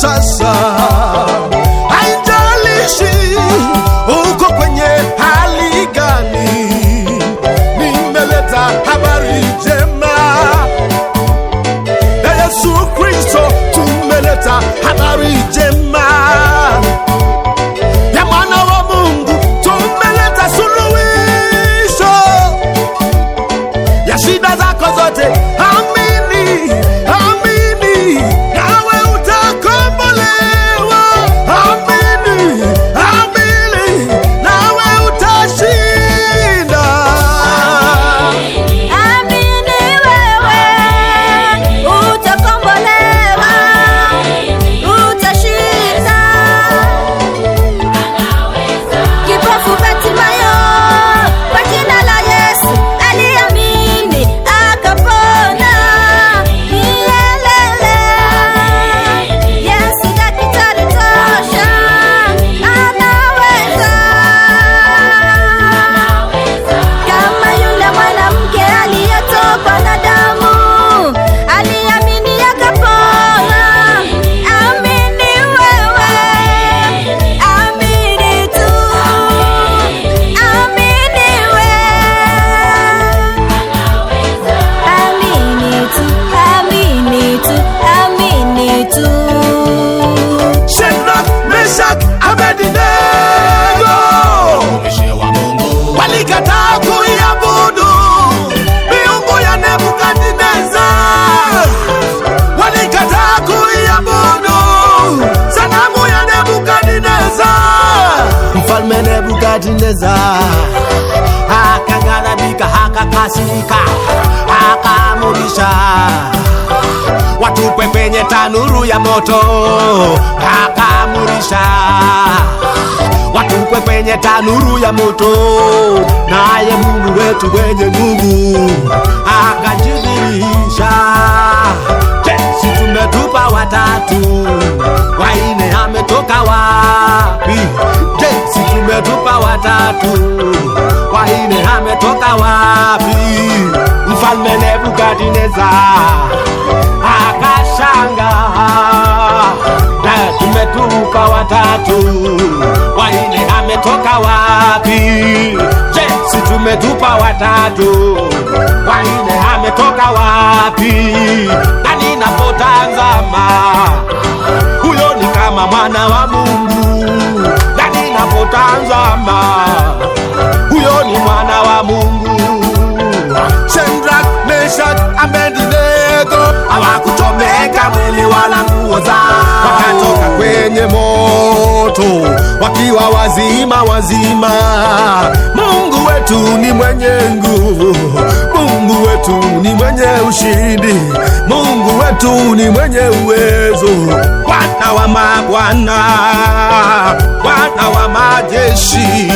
sa sa kupendeza, akaghadhabika, hakakasirika, akaamurisha watupwe kwenye tanuru ya moto, akaamurisha watupwe kwenye tanuru ya moto. Naye Mungu wetu wenye nguvu akajidhihirisha. Si tumetupa watatu, waine ametoka wapi? sisi tumetupa watatu, wahine ametoka wapi? Mfalme Nebukadineza akashanga, na tumetupa watatu, wahine ametoka wapi? Je, sisi tumetupa watatu, wahine ametoka wapi? Na ninapotazama huyo ni kama mwana wa Mungu wala nguo zao, wakatoka kwenye moto wakiwa wazima wazima. Mungu wetu ni mwenye nguvu, Mungu wetu ni mwenye ushindi, Mungu wetu ni mwenye uwezo. Bwana wa mabwana, Bwana wa majeshi